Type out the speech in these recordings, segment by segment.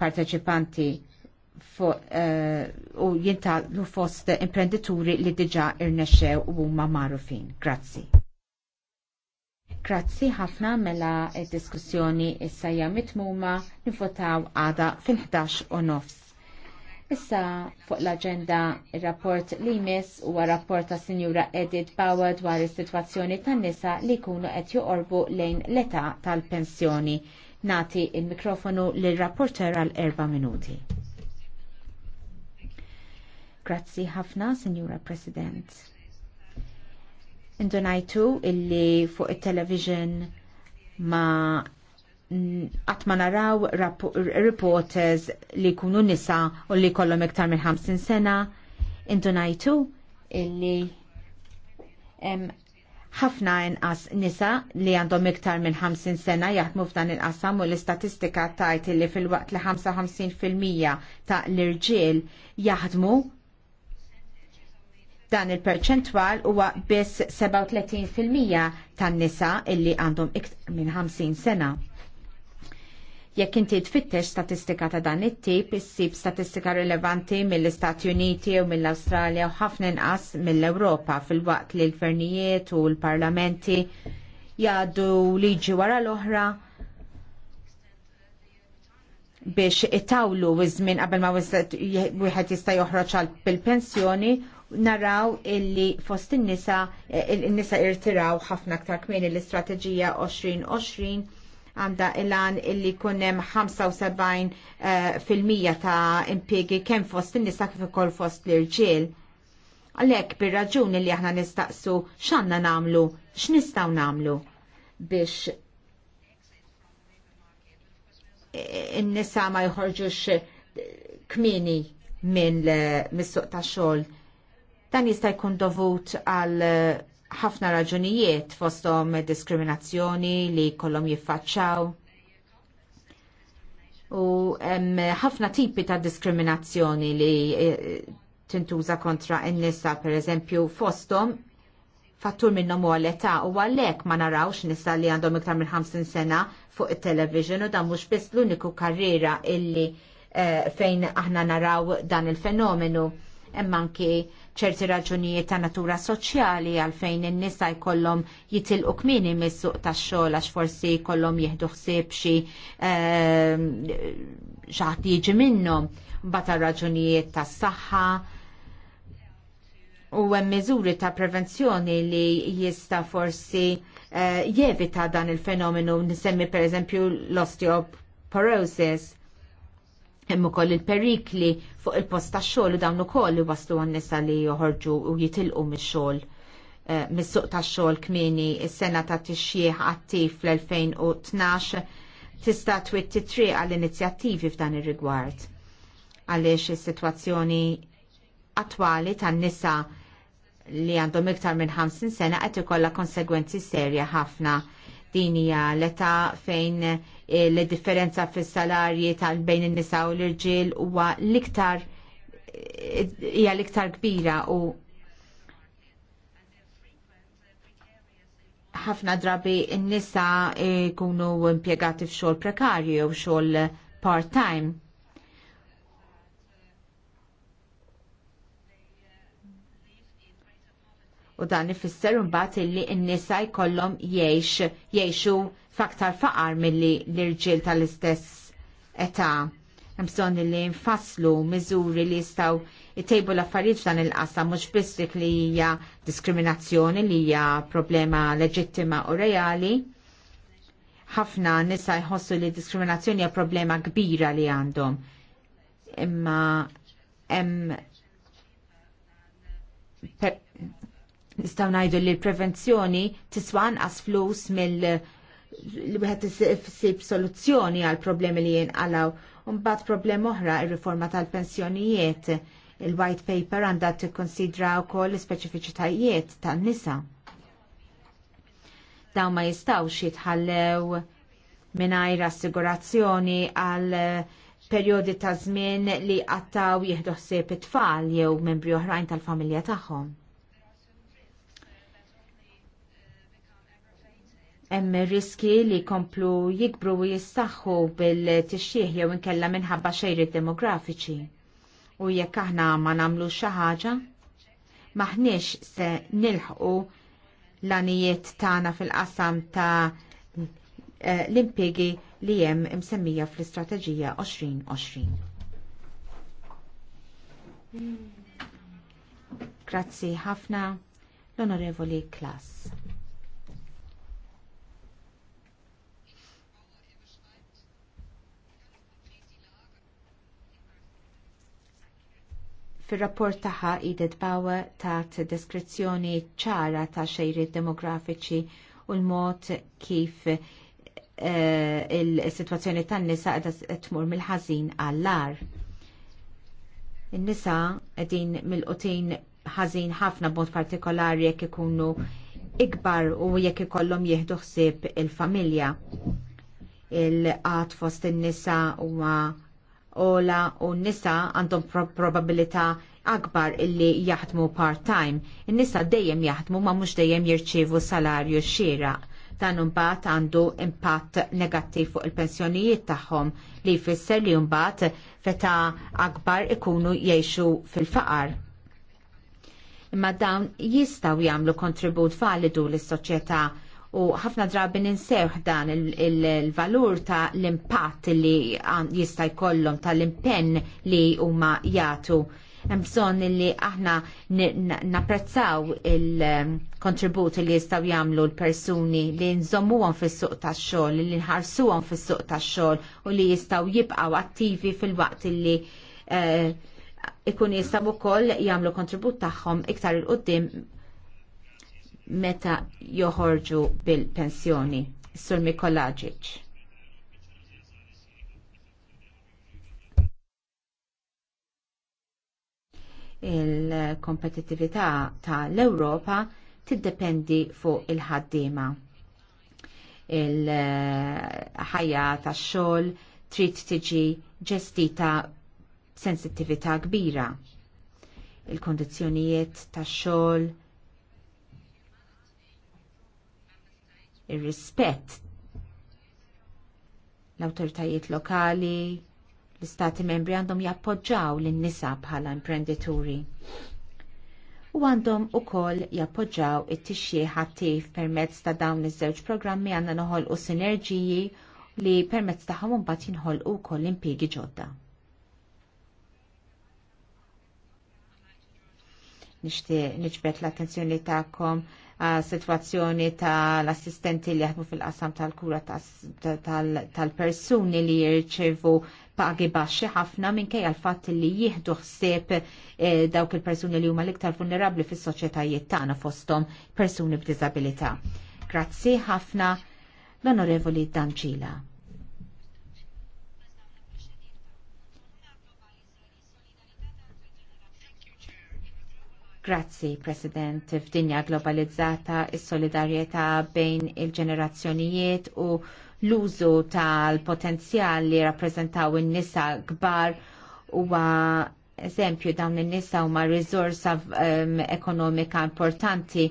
parteċipanti uh, u jintaqlu fost imprendituri li diġa irnexxew u huma magħrufin. Grazzi. Grazzi ħafna mela diskussjoni issa hija mitmuma nifotaw għada fil-11 u nofs. Issa fuq l-agenda il-rapport li jmiss huwa rapport ta' Sinjura Edith Bauer dwar is-sitwazzjoni tan-nisa li jkunu qed joqorbu lejn l-età tal-pensjoni. Nati il-mikrofonu l-rapporter għal erba minuti. Grazzi ħafna, Signora President. Indonajtu illi fuq il-television ma għatma naraw reporters li kunu nisa u li kollom iktar minn 50 sena, Indonajtu illi ħafna inqas nisa li għandhom iktar minn 50 sena jaħdmu f'dan il-qasam u l-istatistika tajt li fil-waqt li 55% ta' l-irġiel jaħdmu dan il-perċentwal huwa biss 37% tan-nisa illi għandhom iktar minn 50 sena. Jekk inti tfittex statistika ta' dan it-tip, issib statistika rilevanti mill-Istati Uniti u mill-Awstralja u ħafna inqas mill-Ewropa fil-waqt li l-fernijiet u l-parlamenti jgħaddu liġi wara l-oħra biex itawlu iż-żmien qabel ma wieħed jista' joħroġ bil-pensjoni naraw illi fost in-nisa in-nisa irtiraw ħafna aktar kmieni l-istrateġija 2020 għanda il-għan illi kunem 75% eh, ta' impiegi kem fost il-nisa kif ukoll fost l-irġiel. Għalek bir-raġuni li aħna nistaqsu x'għandna namlu, x'nistgħu namlu biex in nisa ma jħorġux kmini minn mis-suq ta' xogħol. Dan jista' jkun dovut għal ħafna raġunijiet fostom diskriminazzjoni li kollom jiffaċċaw. U ħafna tipi ta' diskriminazzjoni li e, tintuża kontra n-nisa, per eżempju, fostom fattur minnom u għal-età u għallek ma narawx nisa li għandhom iktar minn 50 sena fuq il-television u dan mhux biss l-uniku karriera illi e, fejn aħna naraw dan il-fenomenu hemm anki ċerti raġunijiet ta' natura soċjali għalfejn in-nisa jkollhom jitilqu kmini mis-suq tax-xogħol għax forsi jkollhom jieħdu ħsieb xi ehm, xaħat jiġi minnhom bata raġunijiet tas-saħħa u hemm miżuri ta' prevenzjoni li jista' forsi eh, jevita dan il-fenomenu nisemmi pereżempju l-osteoporosis Hemm ukoll il-perikli fuq il-post tax-xogħol u dawn ukoll waslu għan-nisa li joħorġu u jitilqu mix-xogħol eh, mis-suq tax-xogħol kmieni is-sena ta' tixjieħ attiv fl-2012 tista' twitti triq għall-inizjattivi f'dan ir-rigward. Għaliex is-sitwazzjoni attwali tan-nisa li għandhom iktar minn 50 sena qed ikollha konsegwenzi serja ħafna Din hija l-età fejn eh, l-differenza fis-salarji tal bejn in-nisa u l-irġiel huwa l-iktar eh, hija l-iktar kbira u ħafna drabi n-nisa jkunu eh, impjegati f'xogħol prekarju jew xogħol part-time u dan ifisser imbagħad illi n-nisa jkollhom jgħix jgħixu faktar faqar milli l-irġiel tal-istess età. Hemm bżonn li nfasslu miżuri li jistgħu jtejbu l-affarijiet f'dan il-qasam mhux biss dik li hija diskriminazzjoni li hija problema leġittima u reali. Ħafna nisa jħossu li diskriminazzjoni hija problema kbira li għandhom. Imma hemm Nistgħu ngħidu li l-prevenzjoni tiswa anqas flus mill li wieħed sib soluzzjoni għal problemi li jinqalaw. Mbagħad problem oħra ir-riforma tal-pensjonijiet. Il-white paper għandha tikkonsidra wkoll l-ispeċifiċitajiet tan-nisa dawn ma jistawx jitħallew mingħajr assigurazzjoni għal perjodi ta' żmien li qattaw jieħdu ħsieb it-tfal jew membri oħrajn tal-familja tagħhom. hemm riski li jkomplu jikbru u jistaxħu bil-tixjih jew inkella minħabba xejri demografiċi. U jekk aħna ma nagħmlu xi ħaġa, maħniex se nilħqu l-anijiet tagħna fil-qasam ta' eh, l-impjegi li hemm imsemmija fl-istrateġija 2020. Grazzi ħafna l-Onorevoli Klas. Fil-rapport taħħa Edith Bawa tat deskrizzjoni ċara ta' xejri demografiċi u l-mod kif uh, il-situazzjoni tan-nisa qed tmur mill-ħażin għall-ar. In-nisa qegħdin mill-qutin ħażin ħafna b'mod partikolari jekk ikunu ikbar u jekk ikollhom jieħdu ħsieb il-familja. Il-qat fost in-nisa huwa ola u nisa għandhom probabilità akbar illi jaħdmu part-time. In-nisa dejjem jaħdmu ma mhux dejjem jirċievu salarju xira. Dan imbagħad għandu impatt negattiv fuq il-pensjonijiet tagħhom li jfisser li mbagħad feta akbar ikunu jgħixu fil-faqar. Imma dawn jistgħu jagħmlu kontribut validu lis soċjetà u ħafna drabi ninsewħ dan il-valur il ta' l-impatt li jista' jkollhom tal-impenn li huma jagħtu hemm bżonn li aħna napprezzaw il-kontribut li jistgħu jagħmlu l-persuni li nżommuhom fis-suq tax-xogħol, li nħarsuhom fis-suq tax-xogħol u li jistgħu jibqgħu attivi fil-waqt li eh, ikun jistgħu wkoll jagħmlu kontribut tagħhom iktar il-qudiem meta joħorġu bil-pensjoni. Sur Mikolaġiċ. Il-kompetitività tal-Ewropa tiddependi fuq il-ħaddiema. Il-ħajja tax-xogħol trid tiġi ġestita sensittività kbira. Il-kondizzjonijiet tax-xogħol ir-rispett l-awtoritajiet lokali, l-istati membri għandhom jappoġġaw lin-nisa bħala imprendituri. U għandhom ukoll jappoġġaw it-tixjih ħattif permezz ta' dawn iż-żewġ programmi għandna noħolqu sinerġiji li permezz bat jinħol jinħolqu wkoll impjiegi ġodda. nixtieq niġbed l-attenzjoni tagħkom situazzjoni tal-assistenti li jaħdmu fil-qasam tal-kura tal-persuni li jirċevu pagi baxxi ħafna minkejja l-fatt li jieħdu ħsieb eh, dawk il-persuni li huma l-iktar vulnerabbli fis-soċjetajiet tagħna fosthom persuni b'diżabilità. Grazzi ħafna l-Onorevoli Danċila. Grazzi, President. F'dinja globalizzata, is-solidarjetà bejn il-ġenerazzjonijiet u l-użu tal-potenzjal li rappresentaw in-nisa kbar huwa eżempju dawn in-nisa huma riżorsa um, ekonomika importanti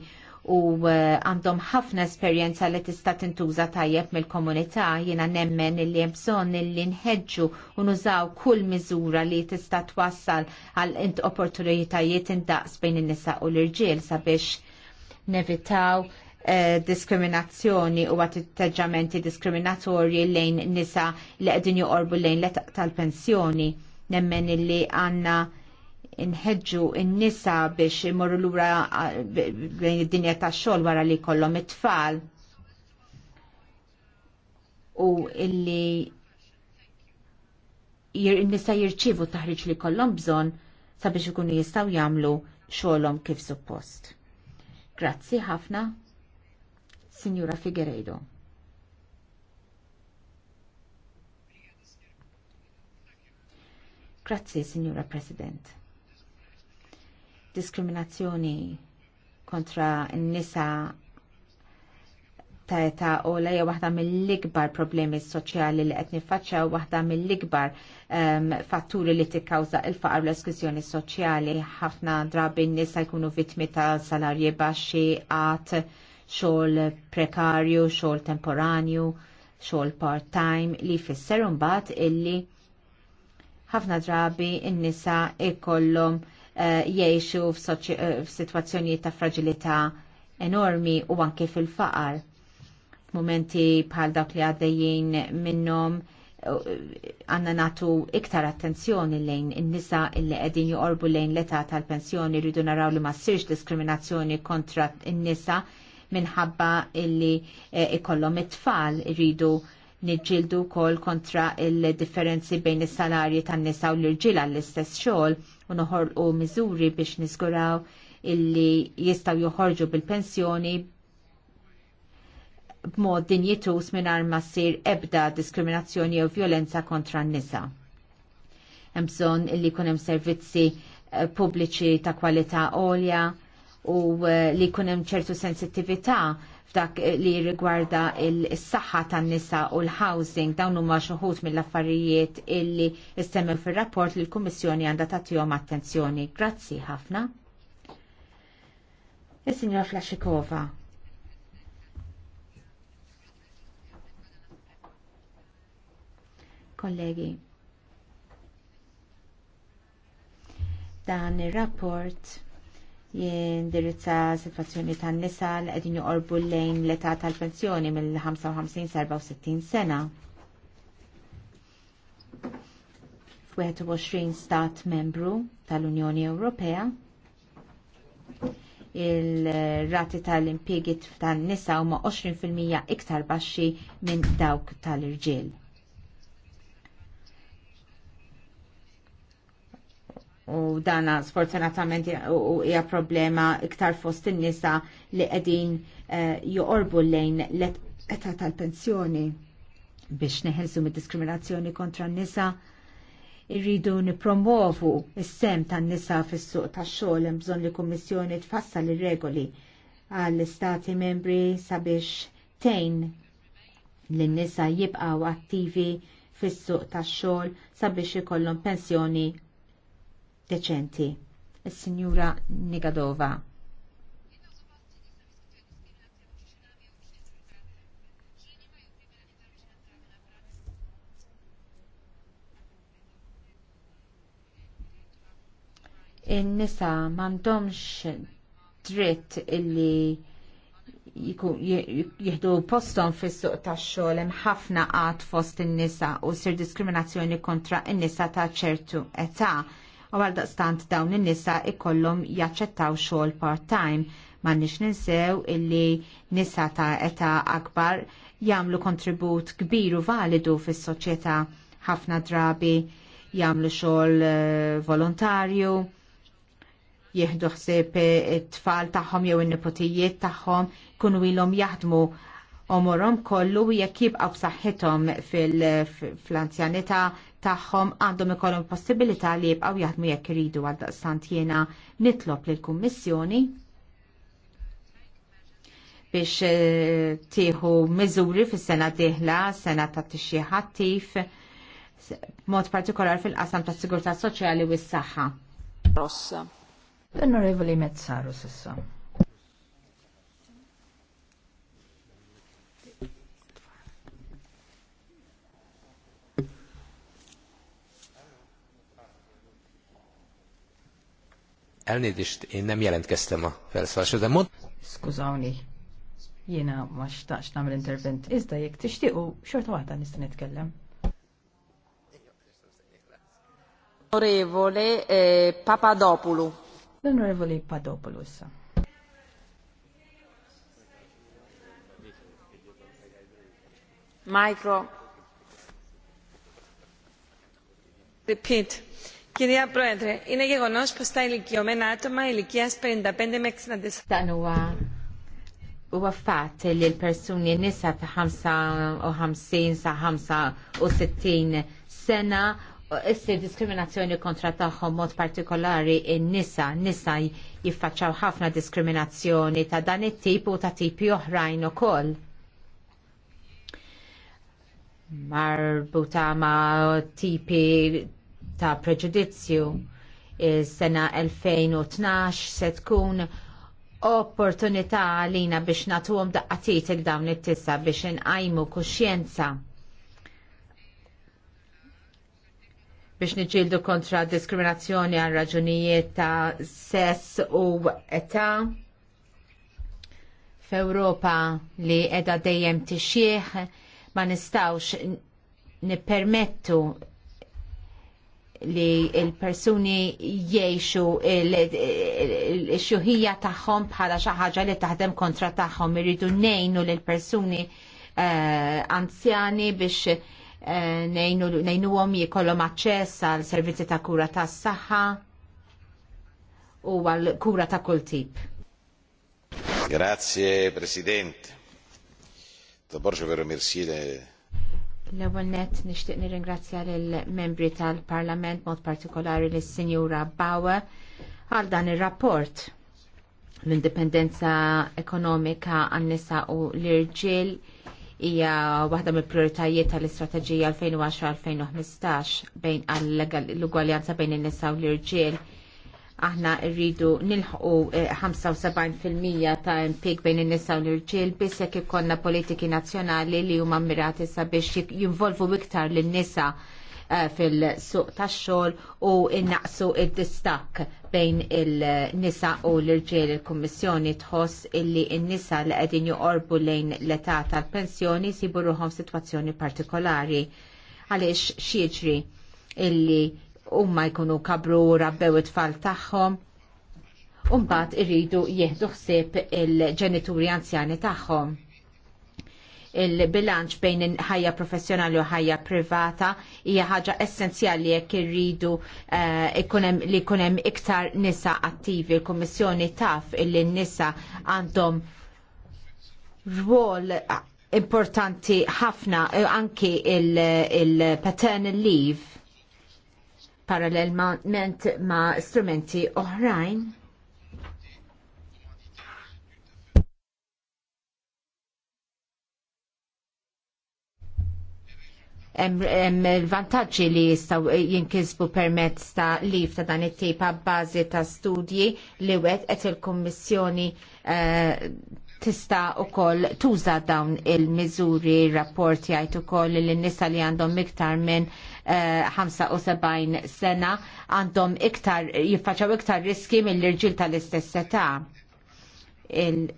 u eh, għandhom ħafna esperjenza li tista' tintuża tajjeb mill-komunità jiena nemmen li hemm bżonn li nħeġġu u nużaw kull miżura li tista' twassal għal int opportunitajiet indaqs bejn in-nisa u l-irġiel sabiex nevitaw eh, diskriminazzjoni u għat atteġġamenti diskriminatorji lejn nisa li qegħdin joqorbu lejn l tal-pensjoni. Nemmen illi għandna inħedġu in-nisa biex imorru lura bejn id-dinja tax-xogħol wara li jkollhom it-tfal. U illi in-nisa jirċievu taħriġ li kollom bżonn sabiex ikunu jistgħu jagħmlu xogħolhom kif suppost. Grazzi ħafna, Signora Figueredo. Grazzi, Signora President diskriminazzjoni kontra n-nisa ta' età ola hija waħda mill-ikbar problemi soċjali li qed u waħda mill-ikbar um, fatturi li tikkawża il-faqar l-esklużjoni soċjali. Ħafna drabi n-nisa jkunu vittmi ta' salarji baxxi, għat, xogħol prekarju, xogħol temporanju, xogħol part-time li jfisser bat illi ħafna drabi n-nisa ikollhom Eh, jiexu eh, f'sitwazzjonijiet ta' fragilita enormi u anke fil-faqar. Momenti bħal dawk li għaddejjin minnhom eh, għanna natu iktar attenzjoni lejn in-nisa illi qegħdin juqorbu lejn l-età tal-pensjoni rridu naraw li ma ssirx diskriminazzjoni kontra n nisa minħabba illi ikollhom it-tfal rridu niġġieldu wkoll kontra il-differenzi bejn is-salarji tan-nisa u l-irġiel għall-istess xogħol u noħorqu miżuri biex niżguraw illi jistaw joħorġu bil-pensjoni b'mod din jitus mingħajr ma ssir ebda diskriminazzjoni jew violenza kontra n-nisa. Hemm bżonn illi jkun hemm servizzi eh, pubbliċi ta' kwalità għolja u eh, li jkun hemm ċertu sensittività f'dak li rigwarda il-saħħa tan-nisa u l-housing dawn huma xuħut mill-affarijiet illi issemmew fir-rapport li l-Kummissjoni għandha tagħtihom attenzjoni. Grazzi ħafna. Is-Sinjora Flaxikova. Kollegi. Dan ir-rapport jindirizza situazzjoni tan nisa li qegħdin joqorbu lejn l-età tal-pensjoni mill-55 sa 64 sena. 21 stat membru tal-Unjoni Ewropea il-rati tal impiegit tan nisa huma 20% iktar baxxi minn dawk tal-irġiel. u dana sfortunatament hija problema iktar fost in-nisa li qegħdin uh, joqorbu lejn l-età tal-pensjoni biex neħelsu mid-diskriminazzjoni kontra n-nisa irridu nipromovu is-sem tan-nisa fis-suq tax-xogħol hemm bżonn li kummissjoni tfassal ir-regoli għall-istati membri sabiex tejn lin-nisa jibqgħu attivi fis-suq tax-xogħol sabiex ikollhom pensjoni deċenti. il sinjura Nigadova. in-nisa m'għandhomx dritt illi jieħdu poston fis-suq tax-xogħol hemm ħafna qatt fost in-nisa u sir diskriminazzjoni kontra in-nisa ta' ċertu età u għaldaqstant dawn in-nisa ikollhom jaċċettaw xogħol part-time m'għandniex ninsew illi nisa ta' età akbar jagħmlu kontribut kbir u validu fis-soċjetà ħafna drabi jagħmlu xogħol eh, volontarju jieħdu ħsib it-tfal tagħhom jew in-nipotijiet tagħhom kunu ilhom jaħdmu omorom kollu jekk jibqa' b'saħħithom fil-anzjanità tagħhom għandhom ikollhom possibilità li jibqgħu jaħdmu jekk iridu għal daqstant jiena nitlob lill kummissjoni biex eh, tieħu miżuri fis-sena dieħla, sena ta' tixjih ħattif, mod partikolar fil-qasam tas sigurtà soċjali u s-saħħa. Rossa. onorevoli Mezzaru sissa. Elnézést, én nem jelentkeztem a felszólásra, de mond... Skużawni, jiena ma xtaqx namel intervent. Iżda jek tixtiqu xorta waħda nista' nitkellem. Onorevole eh, Papadopoulou. L-Onorevole Papadopoulou issa. Micro. Repeat. Κυρία Πρόεδρε, είναι γεγονό πω τα ηλικιωμένα άτομα ηλικία 55 με 64. Dan huwa huwa fatt li l-persuni nisa ta' 55 sa 65 sena Issi diskriminazzjoni kontra tagħhom mod partikolari in-nisa, nisa jiffaċċaw ħafna diskriminazzjoni ta' dan it-tip u ta' tipi oħrajn ukoll marbuta ma' tipi ta' preġudizzju. sena 2012 se tkun opportunità għalina biex natuhom il dawn it-tisa biex inqajmu kuxjenza. biex niġildu kontra diskriminazzjoni għal raġunijiet ta' sess u età f'Ewropa li edha dejjem tixjieħ ma nistawx nippermettu li il-persuni jiexu il xuhija tagħhom bħala xi ħaġa li taħdem kontra tagħhom irridu nejnu l persuni eh, anzjani biex eh, nejnuhom jikollhom aċċess għal servizzi ta' kura tas saħħa u għal kura ta' kull tip. Grazie Presidente. Taborġu veru mirsile L-ewwel nett nixtieq nirringrazzja lill membri tal-Parlament mod partikolari lis sinjura Bauer għal dan ir-rapport l-indipendenza ekonomika għan-nisa u l-irġiel hija waħda mill prioritajiet tal-istrateġija 2010-2015 bejn l-ugwaljanza bejn in-nisa u l-irġiel Aħna rridu nilħu 75% eh, ta' impieg bejn in-nisa u l-irġiel biss jekk ikollna politiki nazzjonali li huma mirati sabiex jinvolvu iktar lin-nisa eh, fil-suq tax-xogħol u innaqsu id-distakk bejn il-nisa u l-irġiel il-Kummissjoni tħoss illi n-nisa li qegħdin joqorbu lejn l-età tal-pensjoni sibu ruhom f'sitwazzjoni partikolari għaliex xieġri illi huma jkunu kabru rabbew it-tfal tagħhom. Umbat irridu jieħdu ħsieb il-ġenituri anzjani tagħhom il-bilanċ bejn ħajja professjonali u ħajja privata hija ħaġa essenzjali jekk irridu uh, li jkun hemm iktar nisa attivi. Il-Kummissjoni taf illi n-nisa għandhom rwol importanti ħafna eh, anki il-paternal il leave parallelment ma' strumenti oħrajn. hemm il-vantaġġi li jistgħu jinkisbu permezz ta' lif ta' dan it-tip bażi ta' studji li wet qed il-Kummissjoni eh, tista' ukoll tuża dawn il-miżuri rapport jgħid ukoll li n-nisa li għandhom iktar minn 75 eh, sena għandhom iktar jiffaċċaw iktar riski mill-irġiel tal-istess età. Il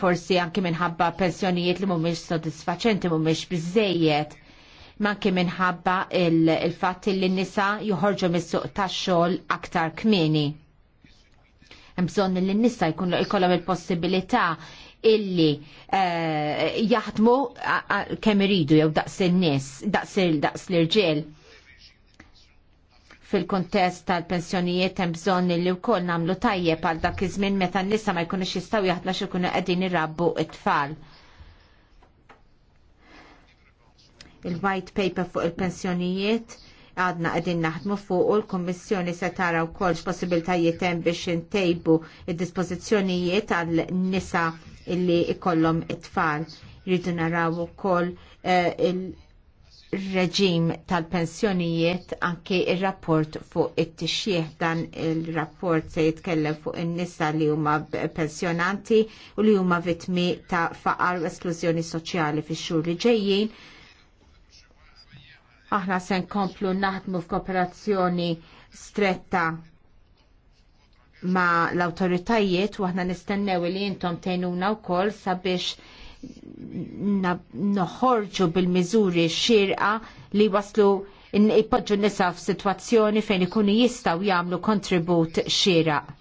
forsi anki minħabba pensjonijiet li mhumiex sodisfaċenti mhumiex biżejjed kien minħabba il-fatt il li n-nisa joħorġu mis-suq tax-xogħol aktar kmieni bżon li n-nisa jkun ikollom il-possibilità illi eh, jaħdmu kemm iridu jew daqs in-nies, daqs l-irġiel fil-kontest tal-pensjonijiet hemm bżonn li wkoll nagħmlu tajjeb għal dak iż-żmien meta n-nisa ma jkunux jistgħu jaħdmu xi jkunu qegħdin irabbu it-tfal. Il-white paper fuq il-pensjonijiet għadna għedin naħdmu fuq u l-Kommissjoni se tara wkoll x'possibiltajiet hemm biex intejbu id-dispożizzjonijiet għal nisa illi ikollhom it-tfal. Rridu naraw ukoll eh, il-reġim tal-pensjonijiet anke ir-rapport fuq it-tixjih dan il-rapport se jitkellem fuq in-nisa li huma pensjonanti u li huma vittmi ta' faqar u esklużjoni soċjali fix-xhur li ġejjin Aħna se nkomplu naħdmu f'kooperazzjoni stretta ma l-autoritajiet u aħna nistennew li intom tejnuna wkoll sabiex noħorġu bil-miżuri xirqa li waslu ipoġġu nisa f'sitwazzjoni fejn ikunu jistgħu jagħmlu kontribut xieraq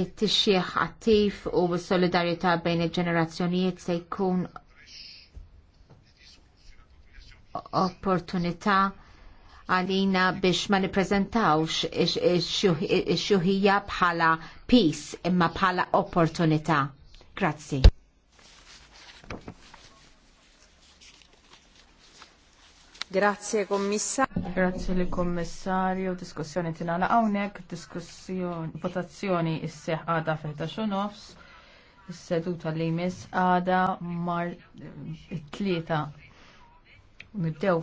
it tixjeħ attiv u s-solidarjetà bejn il-ġenerazzjonijiet se jkun opportunità għalina biex ma niprezentawx ix-xuħija bħala peace imma bħala opportunità. Grazzi. Grazie commissario. Grazie il commissario. diskussjoni tinala awnek. Discussione votazzjoni isseħ għada fil-11 nofs, seduta li mis għada mar eh, it-tlieta. Nibdew